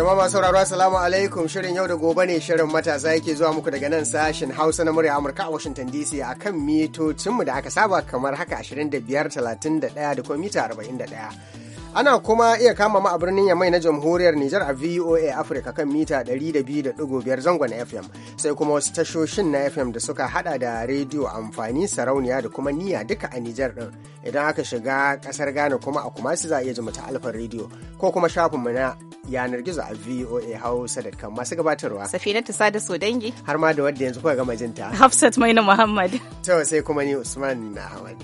Zama masu sauraro Assalamu alaikum shirin yau da gobe ne shirin matasa yake zuwa muku daga nan sashen Hausa na murya Amurka a Washington DC a kan mitocinmu da aka saba kamar haka 25, 31 da kuma mita 41. Ana kuma iya kama ma a birnin Yamai na Jamhuriyar Nijar a VOA Africa kan mita 200.5 zangon FM sai kuma wasu tashoshin na FM da suka hada da rediyo amfani sarauniya da kuma niya duka a Nijar din. Idan aka shiga kasar Ghana kuma a kuma su za a iya ji mata alfar rediyo ko kuma shafin mu na yanar gizo a VOA hausa da kan masu gabatarwa. Safina ta sada so dangi. Har ma da wadda yanzu kuka gama jinta. Hafsat Maina Muhammad. To sai kuma ni Usman Ahmad.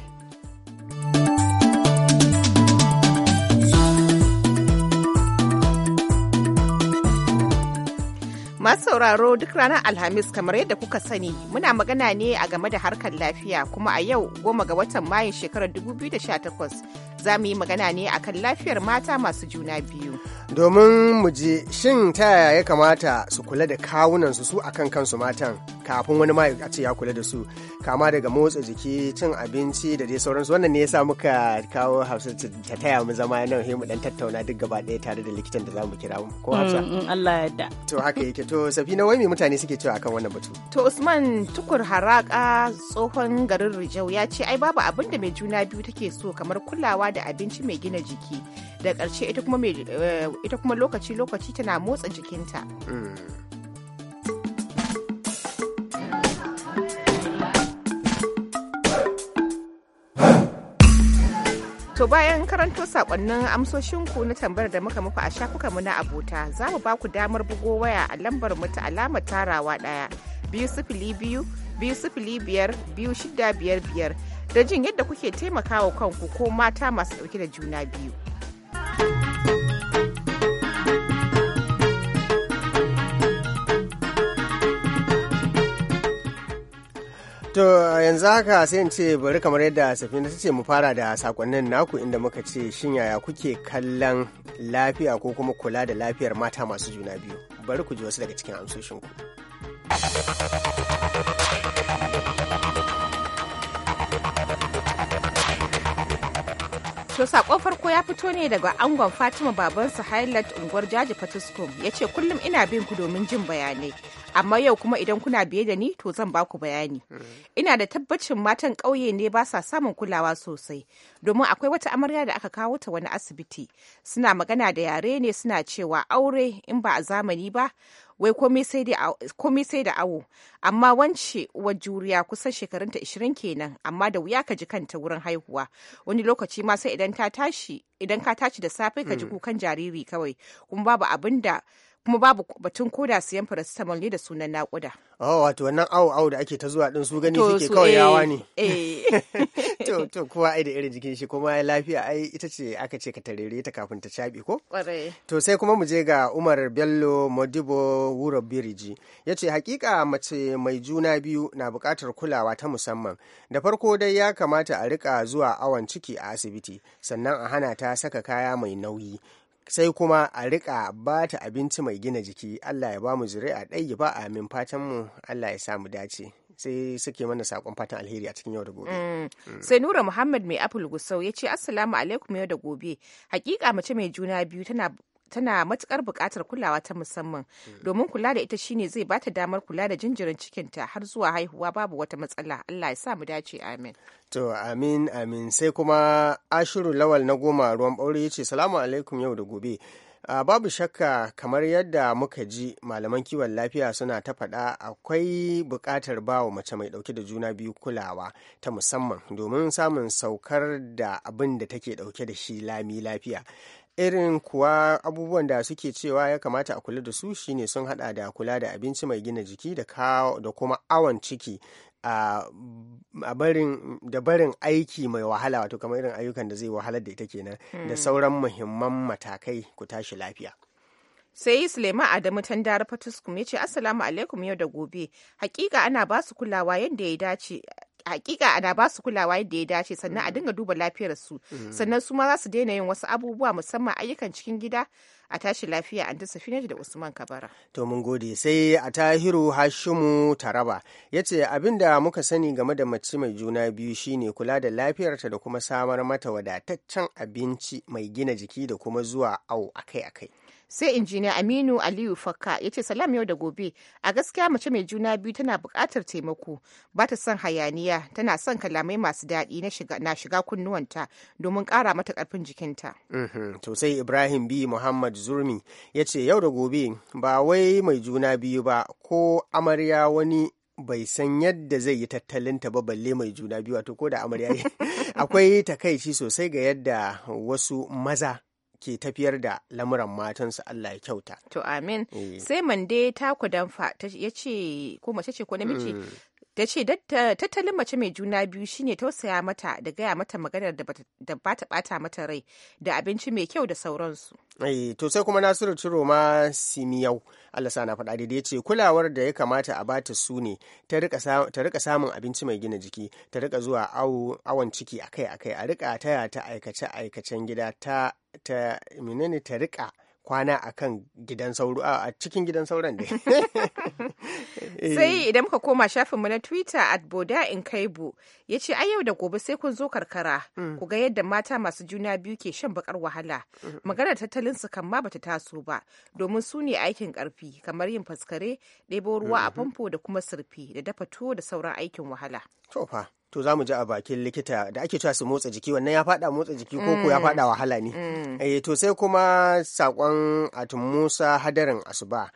Masu sauraro duk ranar Alhamis kamar yadda kuka sani muna magana ne a game da harkar lafiya kuma a yau goma ga watan mayin shekarar 2018 za mu yi magana ne a kan lafiyar mata masu juna biyu. Domin mu ji shin ta yaya ya kamata su kula da kawunansu su a kan kansu matan kafin wani ma ce ya kula da su kama daga motsa jiki cin abinci da dai sauransu wannan ne sa muka kawo Hafsa ta taya mu zama nan mu dan tattauna duk gaba ɗaya tare da likitan da zamu kira mu ko Hafsa. Mm, Allah ya To haka yake to Safina wai me mutane suke cewa akan wannan batu? To Usman Tukur Haraka tsohon garin Rijau ya ce ai babu abin da mai juna biyu take so kamar kulawa da abinci mai gina jiki da ƙarshe ita kuma lokaci-lokaci eh, tana motsa jikinta. To bayan karanto sakonnin amsoshinku na tambayar da muka muku a shafukanmu na abota za mu baku damar bugo waya a lambar mu ta alamar tarawa ɗaya biyu sifili biyu biyu sifili biyar biyu shida biyar biyar da jin yadda kuke taimakawa kanku ko mata masu ɗauke da juna biyu. To yanzu haka sai in ce bari kamar yadda safina ta ce mu fara da sakonnin naku inda muka ce shin yaya kuke kallon lafiya ko kuma kula da lafiyar mata masu juna biyu. Bari ku ji wasu daga cikin amsoshinku. To sakon farko ya fito ne daga angon Fatima baban su unguwar Jaji Fatiskum ya ce kullum ina bin ku domin jin bayanai amma yau kuma idan kuna biye da ni to zan baku bayani. Mm. Ina da tabbacin matan ƙauye ne ba sa samun kulawa sosai domin akwai wata amarya da aka kawo ta wani asibiti suna magana da yare ne suna cewa aure in ba a zamani ba wai komai sai da awo amma wance uwar juriya kusan shekarunta 20 kenan amma da wuya ka ji kanta wurin haihuwa wani lokaci ma sai idan idan ka tashi da safe ka ji mm. kukan jariri kawai kuma babu abin da kuma babu batun koda siyan paracetamol ne da sunan nakuda. Oh, wato wannan awo awo da ake ta zuwa din su gani suke kawai yawa eh, ne. Eh. to to kowa ai da irin jikin shi kuma lafiya ai ita ce aka ce ka tarere ta kafin ta shabi ko? To sai kuma mu je ga Umar Bello Modibo Wuro Biriji. Ya ce hakika mace mai juna biyu na buƙatar kulawa ta musamman. Da farko dai ya kamata a rika zuwa awon ciki a asibiti sannan a hana ta saka kaya mai nauyi. sai kuma a riƙa ba ta abinci mai gina jiki allah ya ba mu zuri'a ɗaya ba amin fatan mu allah ya sa mu dace sai suke mana sakon fatan alheri a cikin yau da gobe. Mm. Mm. Sai Nura Muhammad mai Apple Gusau ya ce Assalamu alaikum yau da gobe. Hakika mace mai juna biyu tana tana matukar buƙatar kulawa ta musamman mm. domin kula da ita shine zai bata damar kula da jinjirin cikinta har zuwa haihuwa babu wata matsala Allah ya sa mu dace amin to amin amin sai kuma ashiru lawal na goma ruwan ɓaure ya ce salamu alaikum yau da gobe Uh, babu shakka kamar yadda muka ji malaman kiwon lafiya suna ta faɗa akwai buƙatar bawa mace mai ɗauke da juna biyu kulawa ta musamman domin samun saukar da abin da take ɗauke da shi lami lafiya irin kuwa abubuwan da suke cewa ya kamata a kula da su shine sun hada da kula da abinci mai gina jiki da kuma awon ciki da barin aiki mai wahala wato kamar irin ayyukan da zai wahalar da ita kenan da hmm. sauran muhimman matakai ku tashi lafiya sai Sulema Adamu Tandar Fatuskum ya ce Assalamu alaikum yau da gobe hakika ana ba su kulawa yadda ya dace hakika ana ba su kulawa yadda ya dace sannan a mm. dinga duba lafiyar su mm. sannan su ma za su daina yin wasu abubuwa musamman ayyukan cikin gida a tashi lafiya an ta safinatu da usman kabara to mun gode sai a tahiru hashimu taraba ya ce abin da muka sani game da mace mai juna biyu shine kula da lafiyarta da kuma samar mata wadataccen abinci mai gina jiki da kuma zuwa au akai-akai sai injiniya aminu aliyu fakka ya ce salam yau da gobe a gaskiya mace mai juna biyu tana bukatar taimako ba ta son hayaniya tana son kalamai masu daɗi na shiga kunnuwanta domin ƙara mata karfin jikinta mhm. to sai ibrahim b muhammad zurmi ya ce yau da gobe ba wai mai juna biyu ba ko amarya wani bai san yadda zai yi tattalinta ba balle mai juna biyu wato ko da amarya akwai takaici sosai ga yadda wasu maza ke tafiyar da lamuran matansa Allah ya kyauta. To amin. Eh. Sai mande ta damfa ya ce ko mace ce ko namiji mm. ta ce tattalin mace mai juna biyu shine tausaya mata da gaya mata maganar da ba ta bata mata rai da abinci mai kyau da sauransu ai eh, to sai kuma nasiru ciro ma simiyau allah sana faɗa daidai ce kulawar da ya kamata a bata su ne ta rika samun abinci mai gina jiki ta rika zuwa awon ciki akai akai a rika taya ta aikace aikacen gida ta ta menene ta rika kwana a kan gidan sauro a cikin gidan sauron ne. sai eh. idan muka koma shafinmu na twitter at boda in kaibu ya ce yau da gobe sai kun zo karkara mm. ku ga yadda mata masu juna biyu ke shan bakar wahala maganar tattalin su kan ma bata taso ba domin su ne aikin karfi kamar yin faskare ɗebo ruwa a famfo da kuma sirfi da dafa tuwo da sauran aikin wahala. to za mu ji a bakin likita da ake cewa su motsa jiki wannan ya fada motsa jiki ko ko ya mm. fada wahala ne mm. eh to sai kuma sakon atun musa hadarin asuba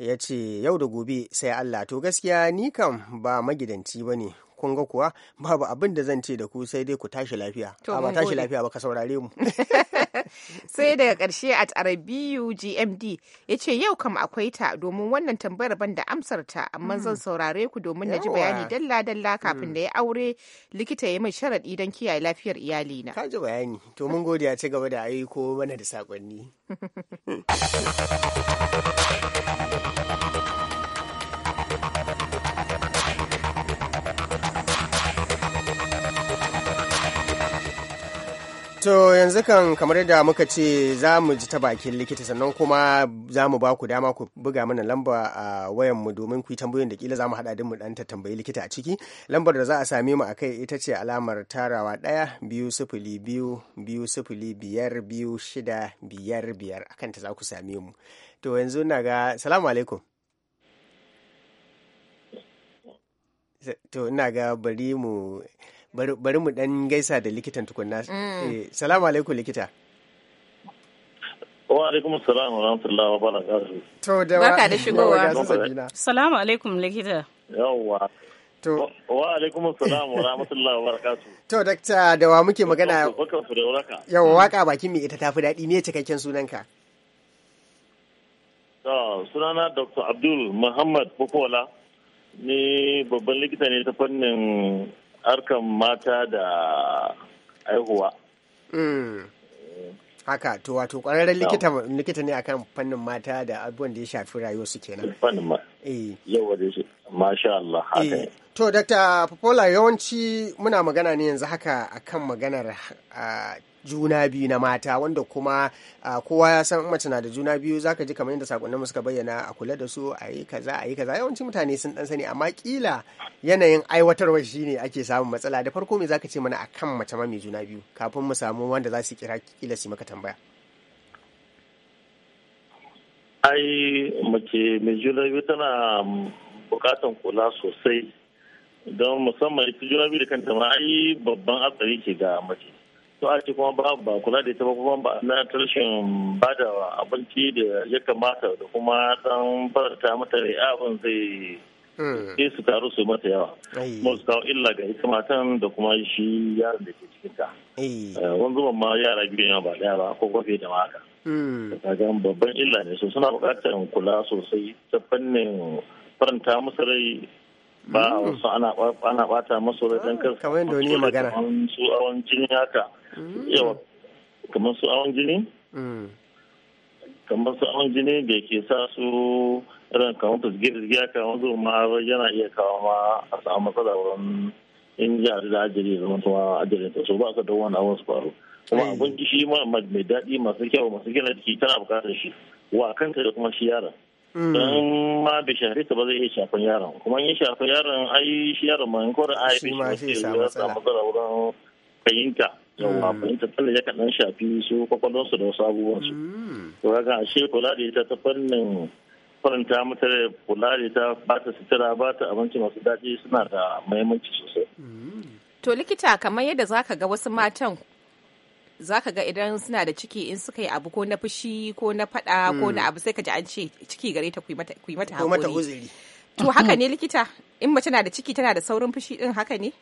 ya ce yau da gobe sai allah to gaskiya ni kam ba magidanci ba ne kun ga kuwa babu abin da zan ce da ku sai dai ku tashi lafiya ba tashi lafiya ba ka saurare mu sai daga ƙarshe a tarabiyu gmd ya ce yau kam akwai ta domin wannan tambayar ban da amsar ta amma hmm. zan saurare ku domin na ji bayani dalla dalla kafin hmm. da ya aure likita ya mai sharaɗi don kiyaye lafiyar iyali na ka ji bayani to mun gode ya ci gaba da aiko mana da saƙonni To yanzu kan kamar da muka ce za mu ji ta bakin likita sannan kuma za mu ba ku dama ku buga mana lamba a wayan mu domin ku yi tambayoyin da kila za mu haɗa din mu dan ta tambayi likita a ciki. Lambar da za a same mu akai ita ce alamar tarawa ɗaya biyu sifili biyu biyu sifili biyar biyu shida biyar biyar akan ta za ku same mu. To yanzu na ga salamu alaikum. To ina ga bari mu bari mu dan gaisa da likitan tukunna mm. eh, salamu alaikum likita wa alaikum salam wa rahmatullahi wa barakatuh to da wa da shigowa salamu alaikum likita yawwa To, wa alaikum salam wa rahmatullahi wa barakatuh. To, dakta da wa muke magana yau. waka bakin mai ita tafi daɗi ne cikakken sunanka. To, sunana Dr. Abdul Muhammad Bukola ni babban likita ne ta fannin harkan mata da aihuwa. Mm. Haka, to wato ƙwararren likita ne akan fannin mata da abubuwan da ya shafi su kenan. Fannin mata. Eh. Yawa shi. Masha Allah, haka eh, To, Dr. Popola yawanci muna magana ne yanzu haka akan maganar juna biyu na mata wanda kuma kowa ya san mace na da juna biyu zaka ji kamar yadda sakonnin suka bayyana a kula da su a yi kaza a yi kaza yawanci mutane sun dan sani amma kila yanayin aiwatarwa ne ake samun matsala da farko me zaka ce mana akan mace ma mai juna biyu kafin mu samu wanda za su kira kila su maka tambaya ai mace mai juna biyu tana bukatan kula sosai don musamman ita juna biyu da kanta ma ai babban hatsari ke ga mace to a ce kuma ba ba kula da ita ba kuma ba na tarshen ba da abinci da ya kamata da kuma dan farata mata rai abin zai ke hmm. su taru su mata yawa kuma su kawo illa ga ita matan da kuma shi yaron da ke cikin ta eh, wani zuban ma yara biyu yana ba daya ba ko kwafe da maka hmm. kaga babban illa ne so suna bukatar kula sosai ta fannin faranta musu rai ba a mm. wasu ana bata musu rai don kar wani magana su awon jini haka mm. yawa kamar su awon jini mm. kamar su awon jini da ke sa su irin kamar su zige zigi haka wanzu ma yana iya kawo ma a samu matsala wurin in jari da ajiyar zama ajiye ajiyar ta so ba ka da wani awon su faru kuma abinci shi mai daɗi masu kyau masu gina jiki tana bukatar shi wa kanta da kuma shi yaron Mm. don ma bai ta ba zai iya shafin yaron kuma ya shafi yaron ai shi yaron ma ko da ai shi ma sai ya samu matsala wurin fahimta yawa mm. fahimta tsalle ya kaɗan shafi su su da wasu abubuwan su mm. to kaga ashe kula da ita ta fannin faranta mata da kula da ita ba ta sutura ba ta abinci masu daɗi suna da muhimmanci sosai to likita kamar yadda zaka ga wasu matan za ka ga idan suna da ciki in suka yi abu ko na fushi ko na fada ko hmm. na abu sai ka ji an ce ciki gare ta ku yi mata haƙuri. To haka ne likita in mace na da ciki tana da saurin fushi din haka ne?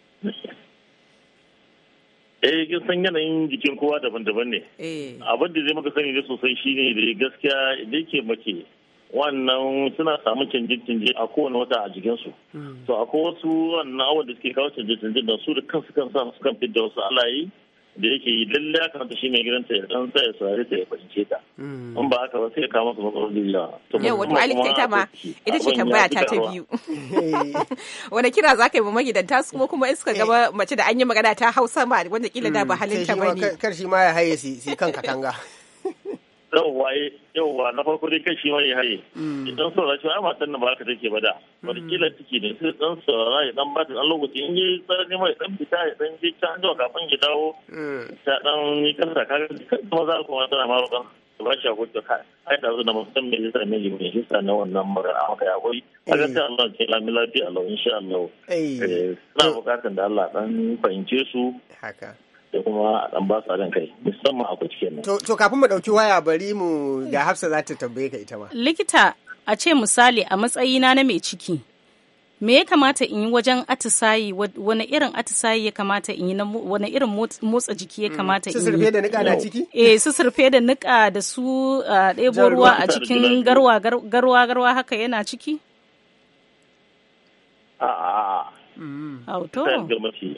eh kin san yanayin jikin kowa daban-daban ne eh. abin da zai maka sani da sosai shine da gaskiya da yake mace wannan suna samun canje-canje a kowane wata a jikinsu hmm. to akwai wasu wannan awon da suke kawo canje-canje da su da kansu kansu su kan fidda wasu alayi da yake yi lalle ya kamata shi mai gidanta ya dan ya saurare ta ya fahimce ta hmm. in ba haka ba sai ya su masa matsaloli yawa yau alif ta ma ita ce tambaya ta ta biyu wani kira za ka yi ma magidanta su kuma kuma iska gaba mace da an yi magana ta hausa ma wanda kila da ba ta ba ne kar shi ma ya haye si kan katanga yauwa yauwa na farko dai kai shi mai haye mm. idan saurara shi amma dan ba haka take ba da mm. wani kila take ne sai dan saurara ya dan bata dan lokaci in yi tsarni mai dan fita ya dan je can zuwa kafin ya dawo mm. ta dan yi kasa kaga kan maza kuma tana ma roƙon ba shi hakuri da kai ai da zuwa musamman zai yasa ne mai hisa na wannan magana amma ya koyi a ga sai Allah ke la lafiya Allah insha Allah eh, eh na bukatan da Allah dan fahimce su haka da kuma dan ba su haɗin kai musamman a kwaci To kafin mu ɗauki waya bari mu ga Hafsa za ta tambaye ka ita ba. Likita a ce misali a matsayina na mai ciki me ya kamata in yi wajen atisayi wani irin atisayi ya kamata in yi wani irin motsa jiki ya mm. kamata in yi susurfe da niƙa na ciki eh susurfe da niƙa da su ɗebo ruwa a cikin garwa garwa garwa haka yana ciki a a a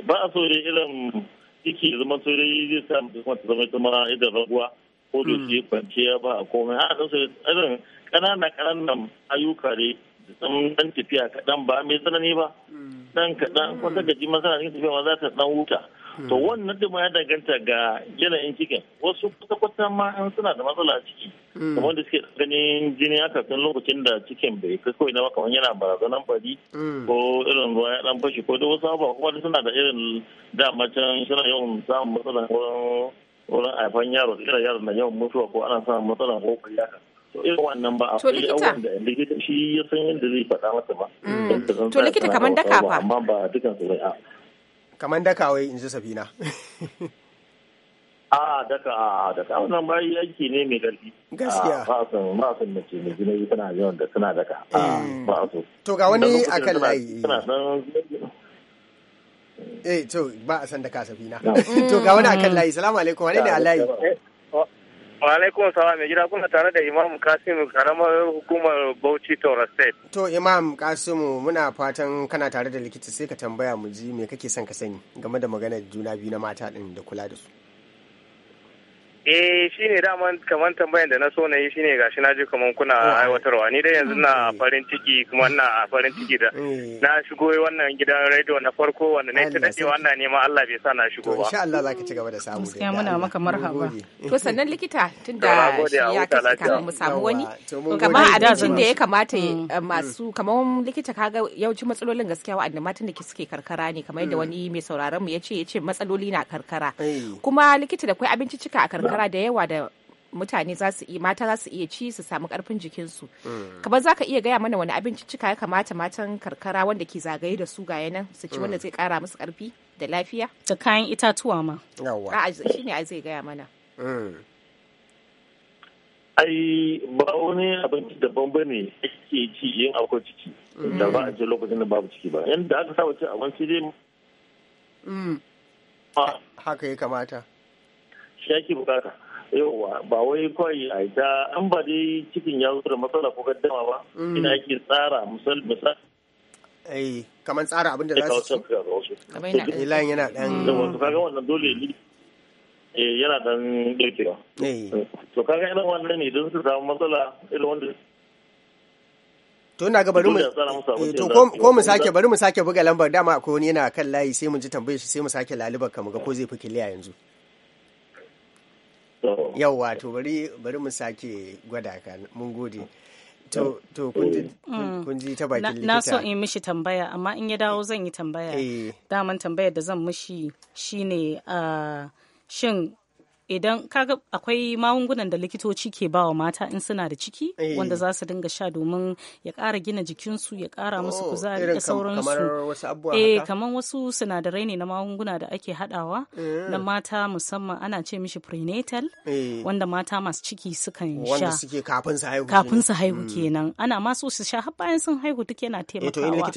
ba a so da irin ciki zama to dai zai sa mutum ta zama ita mara idan raguwa ko hmm. da shi kwanciya ba a komai har sun sai irin ƙananan ƙananan ayyuka dai dan dan tafiya kaɗan ba mai tsanani ba dan hmm. kaɗan ko ta gaji masana tafiya ma za ta dan wuta. to hmm. wannan da ya danganta ga yanayin cikin wasu kwata-kwata ma an suna da matsala a ciki hmm. kamar da suke ganin jini haka tun lokacin da cikin bai kai kawai na kamar yana barazanan bari hmm. ko irin ruwa ya dan fashi ko da wasu abubuwa kuma suna da irin dama can suna yawan samun matsala ko wurin haifan yaro irin yaro na yawan mutuwa ko ana samun matsala ko haka to irin wannan ba a kai abubuwan da likita shi ya san yadda zai faɗa ba to likita kamar da kafa amma ba bai a kamar wai in ji safina a ah, daka a ah, ah, daka wannan bayi yanki ne mai dalbi gaskiya ba su ba su mace mai gina tana yawan da suna daka mm. ba su to ga wani akan layi eh to ba a san daka safina to ga wani akan mm. layi salamu alaikum wani ne a layi Wa alaikum salam mai gida kuna tare da Imam Kasimu karamar hukumar Bauchi Tora State. To Imam Kasimu muna fatan kana tare da likita sai ka tambaya mu ji me kake son ka sani game da maganar juna biyu na mata din da kula da su. Eh shi ne daman kamar tambayan da na so na yi shi ne gashi na ji kamar kuna oh, aiwatarwa ni dai yanzu na oh. farin ciki kuma na farin ciki da oh. na shigo wannan gidan radio na farko wanda na ta dace wannan ne ma Allah bai sa na shigo ba. Insha Allah zaka ci gaba da samu. Gaskiya muna maka marhaba. To sannan likita tunda shi ya kace kafin mu samu wani kamar a da da ya kamata mm. eh, masu mm. kamar likita kaga yawanci matsalolin gaskiya wa'anda matan da suke karkara ne kamar yadda mm. wani mai sauraron mu ya ce ya ce matsaloli na karkara kuma likita da kai abinci cika a karkara shekara da yawa da mutane za su iya mata za su iya ci su samu karfin jikinsu mm. kamar za ka iya gaya mana wani abinci cika ya kamata matan karkara wanda ke zagaye da su ga nan su ci wanda mm. zai kara musu karfi da lafiya da kayan itatuwa ma shi ne zai gaya mana mm. ai ba wani abinci daban ba ne ake ci yin akwai ciki da ba a ce lokacin da babu ciki ba yadda aka saba cin abinci dai haka ya kamata shi ake bukata yauwa ba wai kawai a ita an ba dai cikin ya da matsala ko gaddama ba mm. ina ake tsara misal misal eh kamar tsara abin da za su ci ila yana dan da wasu kaga wannan dole ne eh yana dan dokewa eh to kaga irin wannan ne don su samu matsala irin wanda to ina ga bari mu eh, to ko mu sake bari mu sake buga lambar dama ko ni yana kan layi sai mu ji tambayar shi sai mu sake lalubar ka mu ga ko zai fi kiliya yanzu yauwa to bari bari mu sake gwada ka mun gode to to kun ji mm. ta bakin likita na so in mishi tambaya amma in ya dawo zan yi tambaya eh. daman tambayar da zan mishi shine ah, shin idan kaga akwai magungunan da likitoci ke bawa mata in suna da ciki eh. wanda za su dinga sha domin ya kara gina jikinsu ya kara musu oh, kuzari da sauransu eh kamar wasu sinadarai ne na magunguna da ake hadawa eh. na mata musamman ana ce mishi prenatal eh. wanda mata masu ciki sukan sha kafin su haihu hmm. kenan ana ma so su sha har bayan sun haihu duk yana taimakawa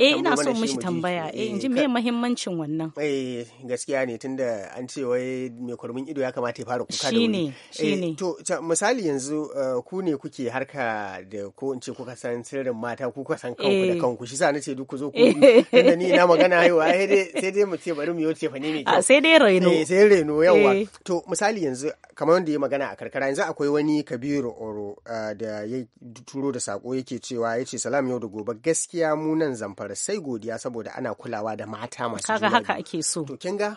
eh ina so mishi tambaya eh in ji me muhimmancin wannan eh gaskiya ne tunda an ce wai me tabarmin ido ya kamata ya fara kuka da wuri eh, shine to misali yanzu eh, ku ne kuke harka da ko in ce kuka san sirrin mata ku kuka san kanku da eh. kanku shi sa na ce duk ku zo ku inda ni na magana haihuwa sai dai mu ce bari mu yi ce fani ne sai dai reno sai reno yawa to misali yanzu kamar wanda ya magana a karkara yanzu akwai wani kabiru oro da ya turo da sako yake cewa ya ce salam yau da gobe gaskiya mu nan zamfara sai godiya saboda ana kulawa da mata masu kaga haka ake so to kin ga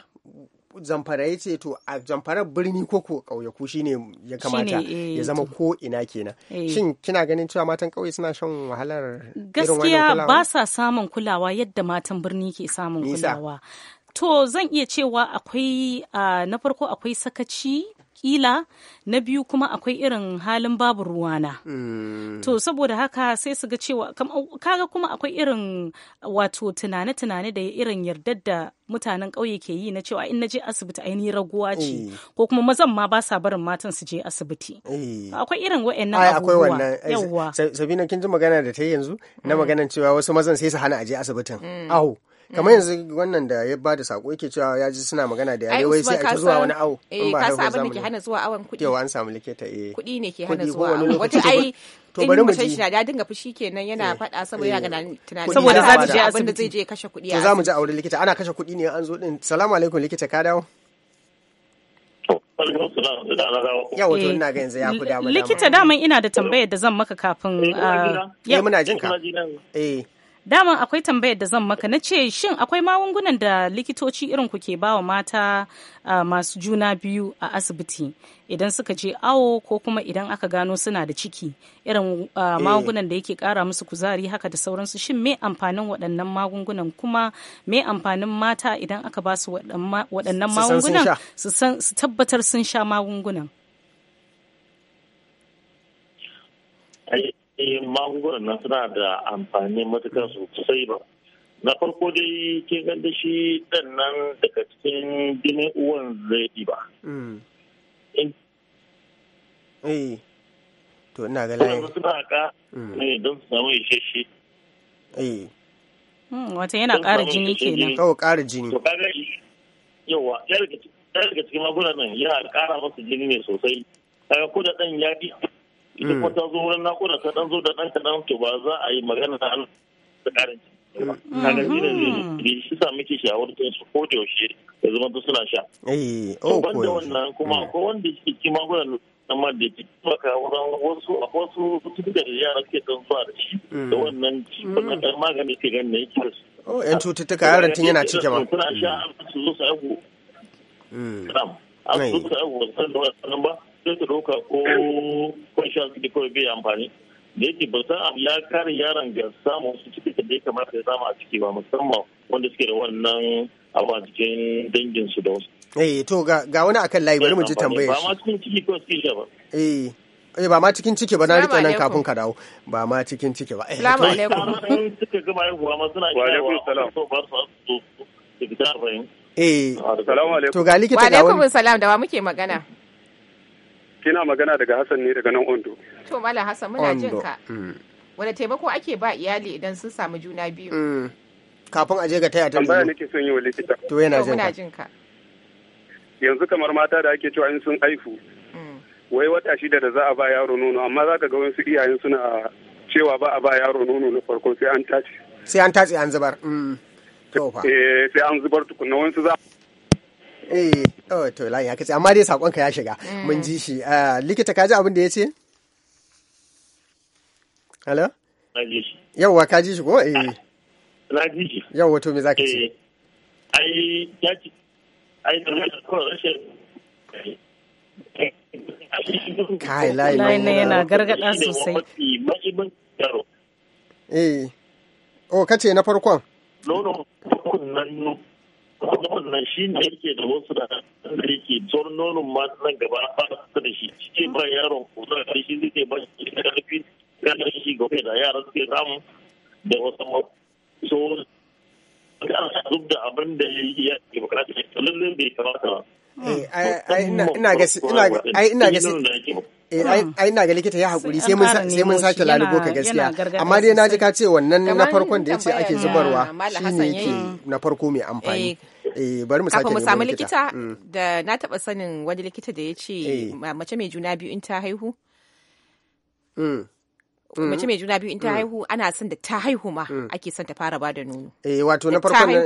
zamfara ya ce to a zamfarar birni ko ko ƙauyaku shine ya kamata ya eh, zama ko ina kenan eh. shin kina ganin cewa matan ƙauye suna shan wahalar gaskiya ba sa samun kulawa yadda matan birni ke samun kulawa to zan iya cewa akwai ah, na farko akwai sakaci kila na biyu kuma akwai irin halin babu ruwana hmm. to saboda haka sai su ga cewa kaga kuma akwai irin wato tunane-tunane da irin yardar da mutanen ƙauye ke yi na cewa in na je asibiti ainihin raguwa ce oh. ko kuma mazan ma ba sa barin matan su je asibiti eh. akwai irin wa'annan abubuwa eh, yawwa sabina kin ji magana da ta yanzu na hmm. maganan cewa wasu mazan sai su hana a je asibitin hmm. au kamar mm. yanzu wannan da ya bada sako yake cewa ya ji suna magana da yare wai sai a zuwa wani awo in eh, ba haihuwa zamani ke hana zuwa awon kuɗi yawa an samu likita eh kuɗi ne ke hana zuwa awon wata ai to bari mu ji da dinga fushi kenan yana eh. faɗa saboda eh. ya gana tunani saboda za ta je abin da zai je kashe kuɗi to za mu ji a wurin likita ana kashe kuɗi ne an zo din assalamu alaikum likita ka dawo ya wato ina ga yanzu ya ku dama Likita daman ina da tambayar da zan maka kafin eh ah, muna jinka ka eh daman akwai tambayar da zan maka na ce shin akwai magungunan da likitoci irin ku ke bawa mata uh, masu juna biyu a asibiti idan suka je awo ko kuma idan aka gano suna da ciki irin uh, magungunan da yake kara musu kuzari haka da sauransu shin me amfanin waɗannan magungunan kuma me amfanin mata idan aka ba su waɗannan magungunan su tabbatar sun sha magungunan e magungunan nan suna da amfani matuƙar sosai ba na farko dai ke ga da shi dan nan daga cikin jinin uwan zai ba. Mm. eh to ina ga layi suna ka ne mm. eh, don su samu isheshe eh mm, wata yana ƙara jini kenan kawai ƙara jini to kaga yawa ya daga cikin magungunan nan yana ƙara masa jini ne sosai kaga ko da dan ya bi idan kuma hmm. ta zo wurin nakuda ta dan zo da dan kadan to ba za a yi magana da an da karin hmm. kaga shi ne hmm. shi sa muke shawartar su ko da yaushe ya zama duk suna sha eh oh banda wannan kuma ko wanda yake ki magunan amma da ki maka wurin wasu a wasu cututtuka da yara ke kan zuwa da shi da wannan shi wannan dan magani ke ganin yake da su oh yan cututtuka yaran tin yana cike ma kuna sha su zo su haihu a su su haihu ba sai su ɗauka ko kun sha su kawai bai amfani da yake ba sa ya kare yaron ga samu su cikin da ya kamata ya samu a ciki ba musamman wanda suke da wannan abu a cikin dangin su da wasu. Eh to ga ga wani akan layi bari mu ji tambayar Ba ma cikin ciki ko su sha ba. Eh eh ba ma cikin ciki ba na rike nan kafin ka dawo ba ma cikin ciki ba. Eh, Salamu alaikum. Suka gama haihuwa ma suna wa alaikum salam So ba su su fita rain Eh. Salamu alaikum. To ga likita ga wani. Wa alaikum salam da wa muke magana. kina magana daga Hassan ne daga nan Ondo. To Malam Hassan muna jin ka. Mm. wani taimako ake ba iyali idan sun samu juna biyu? Mm. Kafin a je ga taya ta Tambaya nake son yi wa likita. To yana jin ka. Yanzu kamar mata da ake cewa in sun aifu. Mm. Wai wata shida da za a ba yaro nono amma za ka ga wasu iyayen suna cewa ba a ba yaro nono na farko sai an tace. Sai an tace an zubar. To fa. Eh sai an zubar tukunna wasu za. eh oh to layi ya kace amma dai sakonka ya shiga mm. mun ji shi eh, likita ka ji abin da ya ce hello yawwa ka ji shi ko eh na ji shi yawwa to me zaka eh, ce ai ya ci ai da rashin kai layi ne yana gargada sosai eh oh kace na farkon no no kuma wannan shi ne yake da wasu da da yake zuwar nonon ma nan gaba a da shi shi ba yaron kusa da shi zai ba shi da karfi ganin shi gobe da yara suke samu da wasu so ana zub da abin da ya yi bukata to lallai bai kamata ba eh, ai ina ga likita ya hakuri sai mun sake lalubo ka gaskiya amma dai na ji ka ce wannan na farkon da ya ce ake zubarwa shine ke na farko mai amfani eh, Eh, bari mu mu samu likita mm. da na taba sanin wani likita da ya ce eh. mace mai juna biyu in ta haihu mm. Mm. mace mai juna biyu in ta mm. haihu ana son da ta haihu ma mm. ake son ta fara bada nono eh wato na farko ne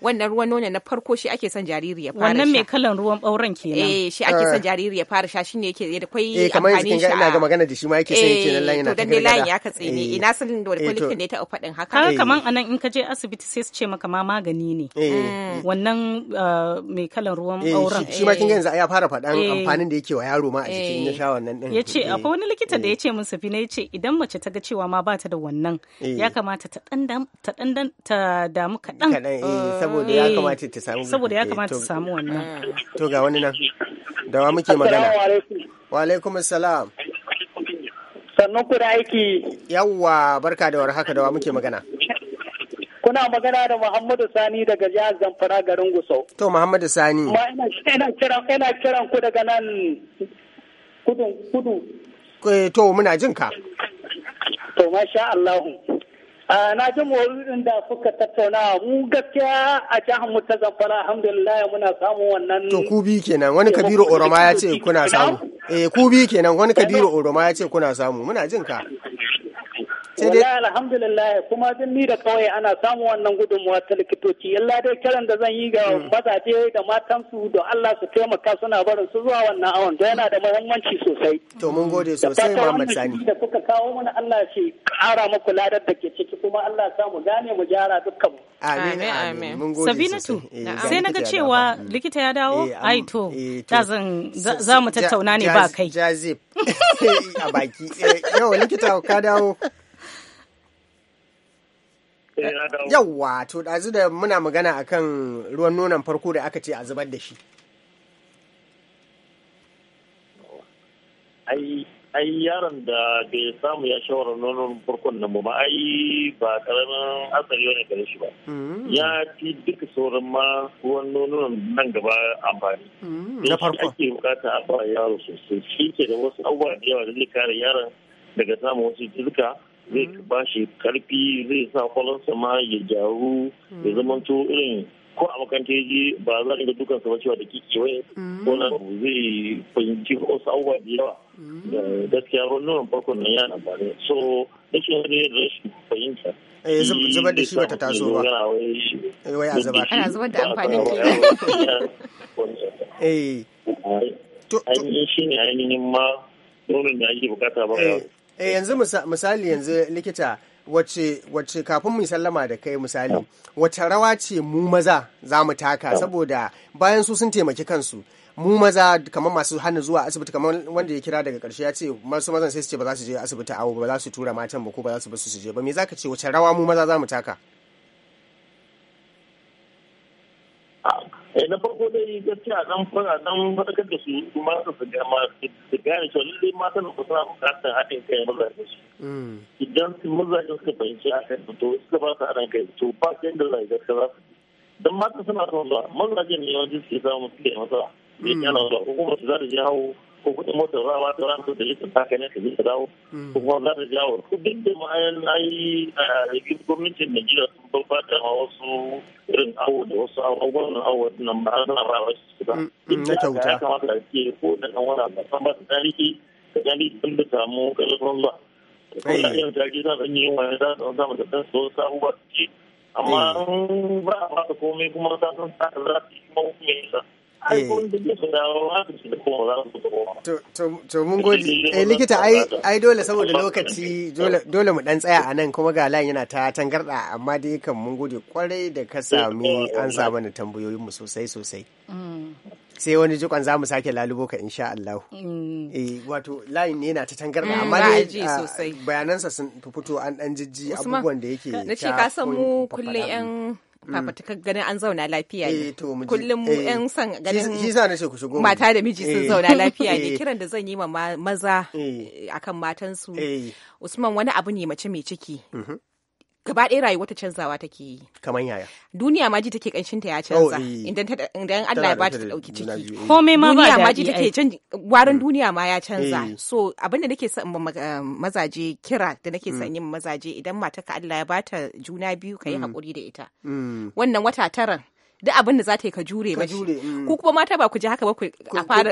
wannan ruwan nono na farko shi ake son jariri ya fara wannan mai kalan ruwan bauren kenan eh shi ake son ah. jariri ya fara sha shine yake da kwai eh, amfani shi ina ga magana da shi ma yake sai kenan layin na eh, to dan layin ya katse ne eh. ina son da wani likitan ne ta faɗin haka kaga kamar anan in ka je asibiti sai su ce maka ma magani ne wannan ah, mai kalan ruwan bauren shi ma kin ga yanzu ya fara faɗan amfanin da yake wa yaro ma a jikin ya sha wannan din yace akwai wani likita da yace min safi na yace idan mace ta ga cewa ma ba ta da wannan eh. ya kamata ta dan ta damu kaɗan eh, saboda ya eh, kamata ta samu saboda ya kamata ta samu wannan to ga wani nan da wa muke magana wa alaikum assalam sannan ku da aiki yawwa barka da haka da wa muke magana kuna magana da Muhammadu Sani daga jihar Zamfara garin Gusau. To Muhammadu Sani. Ma ina kiran ina kiran ku daga nan kudu kudu. To muna jin ka. to masha Allahu na ji mawaludin da suka tattauna mu gaskiya a jihar mu ta zamfara alhamdulillah muna samun wannan to ku bi kenan wani kabiru oroma ya ce kuna samu eh ku bi kenan wani kabiru oroma ya ce kuna samu muna jin ka Wallahi alhamdulillah kuma din ni da kawai ana samun wannan gudunmuwa ta likitoci. Yalla dai kiran da zan yi ga hmm. mazaje da matan su da Allah su taimaka suna barin su zuwa wannan awon da yana da muhimmanci sosai. To mun gode sosai Muhammad Sani. Da kuka kawo mana Allah shi kara muku ladar da ke ciki kuma Allah sa mu gane mu gyara dukkan mu. Amin amin. Mun gode Sabinatu eh, sai na ga cewa hmm. likita ya dawo eh, ai to eh, ta zan za mu tattauna ne ba kai. Jazib a baki. Yau likita ka dawo. Eh, eh, Yawwa, to ɗazu da muna magana akan ruwan nonon farko da aka ce a zubar da shi. ai yaron da bai samu ya shawarar nonon farkon nan ba ai ba karamin asali ne gare shi ba mm. ya fi duka sauran ma ruwan nonon nan gaba amfani mm, na farko ake bukata a ba yaro sosai shi ke da wasu abubuwa da yawa da zai kare yaron daga samun wasu jirka zai ba shi karfi zai sa kwalonsa ma ya jawo ya hmm. zamanto irin ko a makaranta ya je ba za a ga sa ba cewa da kike wai hmm. ko na zai fahimci wasu abubuwa da yawa hmm. da gaskiya nuna farkon na yana ba ne so da eh, shi wani shi fahimta zubar da shi bata taso ba eh, wai a zubar ana zubar da amfanin ke eh ainihin shi ne ainihin ma nonon da ake bukata ba eh. eh yanzu misali yanzu likita wace wace kafin mu sallama da kai misali wace rawa ce mu maza za mu taka saboda bayan su sun taimaki kansu mu maza kamar masu hannu zuwa asibiti kamar wanda ya kira daga karshe ya ce masu mazan sai su ce ba za su je asibiti awo ba za su tura matan ba ko ba za su basu su je ba me zaka ce wace rawa mu maza za mu taka Eh, na farko dai gaskiya nan fara nan barkar da su kuma su gama su gane cewa lalle mata da suna bukatar haɗin kai maza da su mm. idan su maza da suka fahimci a kan to suka ba su haɗin kai to ba su yadda zai gaskiya za su don mata suna son ba mazaje ne yawanci suke samu suke masa ne yana zuwa ko kuma su za su je hawo ko kuɗin motar za a bata ran da litin taka ne ka zika dawo ko kuma za ta jawo ko duk da ma'ayan ayi a rikin gwamnatin Najeriya sun bambata ma wasu irin awo da wasu abubuwan awo nan ba na ba su ba. Na Ya kamata a ce ko da ɗan wani ba san ba ta tarihi ka gani sun da samu kalifan ba. Ko da yau ta gida zan yi wani za su zama da ɗan wasu abubuwa suke. Amma ba a ba komai kuma za su sa za su yi kuma hukumai Eh. To mun godi. Eh likita ai dole saboda lokaci dole mu dan tsaya a nan kuma ga layin yana ta tangarda amma dai kan mun gode kwarai da ka eh, sami eh, an samu da tambayoyin mu sosai sosai. Mm. sai wani jikon za mu sake lalubo ka insha Allah. Mm. Eh wato layin ne na ta tangarda mm, amma dai ah, bayanansa sun fito an dan jijji abubuwan da yake. Na ce ka san mu kullum 'yan Mm. ka ganin an zauna lafiya ne eh, kullum eh, yan san ganin mata da miji sun eh. zauna lafiya ne kiran da zan yi ma maza akan matansu usman wani abu ne mace mai ciki mm-hmm. gaba ɗaya rayuwa ta canzawa take yi. Kamar yaya. Duniya ma ji take ta ya canza. Oh, eh. Idan Allah ya ba ta ɗauki ciki. Eh. Komai ma ba Duniya ma ji take canji warin mm. duniya ma ya canza. Eh. So abinda nake son mazaje kira da nake son mm. yin mazaje idan matarka Allah ya ba ta juna biyu ka yi mm. haƙuri da ita. Wannan wata taran. duk abin da za ta yi ka jure ba mm. ku kuma mata ba ku je haka ba ku a fara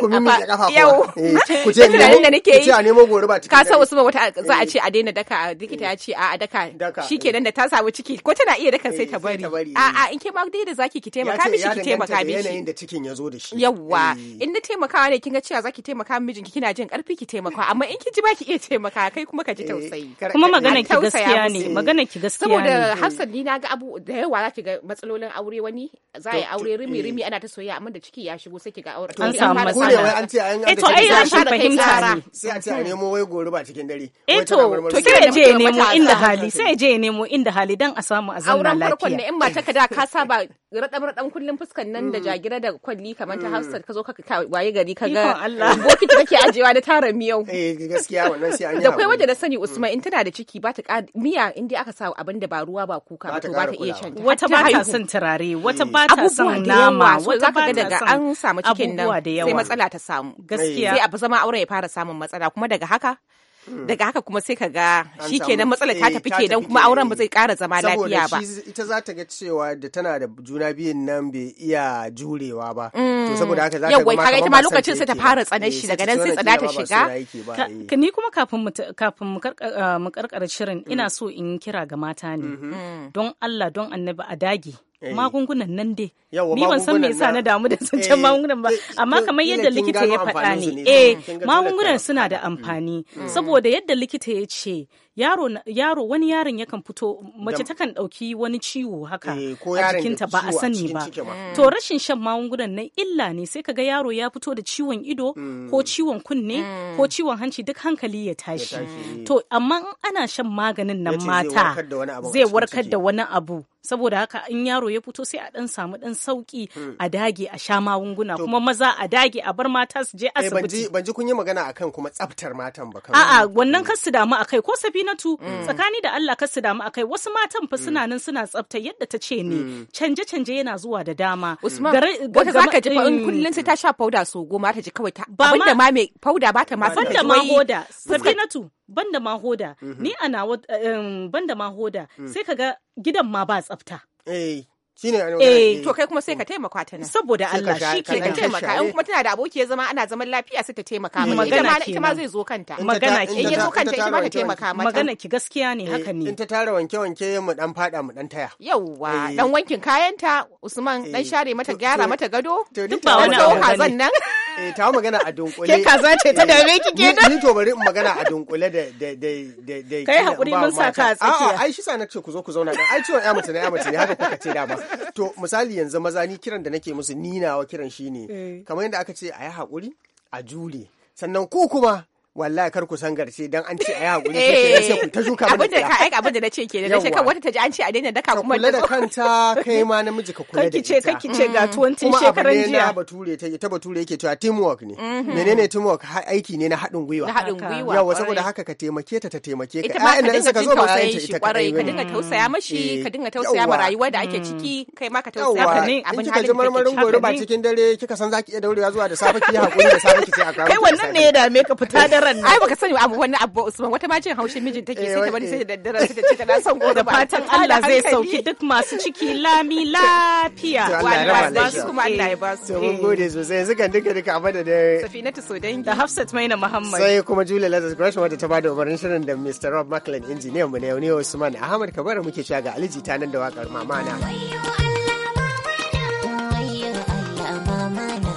yau eh, ku je ne da nake yi ka san usman wata za a eh. ce a daina daka dikita ya ce a daka shikenan eh. da ta samu ciki ko tana iya dakan sai ta bari a a mm. in ke ma dai da zaki ki taimaka miji ki taimaka miji yanayin da cikin ya zo da shi yawa in na taimakawa ne kin ga cewa zaki taimaka mijin ki kina jin karfi ki taimaka amma in ki ji ba ki iya taimaka kai kuma ka ji tausayi kuma magana ki gaskiya ne magana ki gaskiya ne saboda Hafsat ni na ga abu da yawa zaki ga matsalolin aure wani za a yi aure rimi eh. rimi ana ta soyayya amma da ciki ya shigo sai kiga aure an samu matsala an ce an eh, to ai rashin fahimta sai a ce a nemo wai gori ba cikin dare eh to to sai je nemo inda hali sai je nemo inda hali dan a samu a zauna lafiya auren farkon ne in ba ta kada ka saba radam radam kullun fuskan nan da mm. jagira da kwalli kamar ta mm. Hafsat ka zo ka waye gari ka ga bokiti kake ajewa da tara miyau eh gaskiya wannan sai an yi da kai wanda da sani mm. Usman in tana da ciki ba ta miya inda aka sa abin da ba ruwa ba kuka ba ba ta iya shan wata ba ta son turare wata eh. ba abubuwa da yawa wanda zaka ga daga an samu cikin nan sai matsala ta samu gaskiya sai abu zama aure ya fara samun matsala kuma daga haka hmm. daga haka kuma sai ka ga shi kenan matsalar ta eh, tafi kenan kuma auren ba zai kara zama lafiya ba ita za ta ga cewa da tana da juna biyun nan bai iya jurewa ba to hmm. saboda haka za ta ga kaga ita ma lokacin sai ta fara tsanan shi eh, daga nan sai tsada ta shiga eh. ka ni kuma kafin mu kafin mu karkara shirin ina hmm. so in kira ga mata ne mm-hmm. don Allah don Annabi a dage Eh. magungunan nan dai ni ban san me yasa na damu da zancen eh, magungunan ba eh, amma kamar yadda likita ya faɗa ne eh magungunan suna da mm. amfani mm. saboda yadda likita ya ce yaro yaro wani yaron yakan fito mace ta kan dauki wani ciwo haka eh, a jikinta ba a sani ba mm. to rashin shan magungunan nan illa ne sai ka ga yaro ya fito da ciwon ido ko mm. ciwon kunne mm. ko ciwon hanci duk hankali ya tashi eh. to amma in ana shan maganin nan mata zai warkar da wani abu saboda haka in yaro ya fito sai a dan samu dan sauki a dage a sha magunguna kuma maza a dage a bar mata su je eh, asibiti ban ji kun yi magana akan kuma tsaftar matan ba a'a wannan kar su damu akai ko safi Aminatu mm. tsakani da Allah kasu damu akai wasu matan fa mm. suna nan suna tsafta yadda ta ce ne mm. canje canje yana zuwa da dama Usman wata zaka ji in kullun sai ta sha fauda so goma ta ji kawai ta abinda ma mai fauda ba ta ma san da ma hoda Safinatu banda ma hoda mm-hmm. ni ana um, banda ma hoda sai kaga gidan ma ba tsafta eh. shine eh to kai kuma sai ka taimaka ta nan saboda Allah shi ke ka taimaka in eh. kuma tana da aboki ya zama ana zaman lafiya sai ta taimaka mana ita ma ita ma zai zo kanta magana ki ya zo kanta ita ma ka taimaka mata magana ki gaskiya ne eh, haka ne in ta tara wanke wanke mu dan fada mu dan taya yauwa eh. dan wankin kayanta Usman dan share mata gyara mata gado duk ba wani abu zan nan eh ta magana a dunkule ke kaza ce ta dare ki kenan ni to bari in magana a dunkule da da da da kai hakuri mun saka a tsakiya ai shi sa ce ku zo ku zauna da ai ciwon ya mutane, ya mutane, haka kuka ce dama to misali yanzu maza ni kiran da nake musu ni nawa kiran shine eh. kamar yadda aka ce ayi hakuri a jure sannan ku kuma wallahi kar ku san garse dan an ce a yi hakuri eh. sai ku ta shuka abin da kai aika abin da nace kenan nace kan wata ta ji an ce a daina daka kuma kula da kanta kai ma namiji ka kula da ita ka ce ga 20 mm. shekaran jiya kuma abin bature ta ta bature yake cewa teamwork ne mhm. menene teamwork aiki ne na haɗin gwiwa na haɗin gwiwa yawa saboda haka ka taimake ta ta taimake ka ita ma ka dinga jin tausayin shi kwarai ka dinga tausaya mashi eh. ka dinga tausaya ma rayuwa da ake mm. ciki kai ma ka tausaya ka ne abin da kike ji marmarin gobe ba cikin dare kika san zaki iya daurewa zuwa da safe ki hakuri da safe ki sai a kai wannan ne ya dame ka fita da goron nan ai baka sani abu wani abu Usman wata ma jin haushin mijin take sai ta bari sai da daddare sai ta ce tana son goro da fatan Allah zai sauki duk masu ciki lami lafiya wallahi ba su kuma Allah ya ba su mun gode sosai yanzu kan duka duka abada da Safinatu Sodangi da Hafsat Maina Muhammad sai kuma Julia Lazarus Gresham wadda ta bada umarnin shirin da Mr. Rob Macklin engineer mu ne ne Usman Ahmad Kabara muke cewa ga Aliji ta nan da wakar mamana. Wayyo Allah mamana.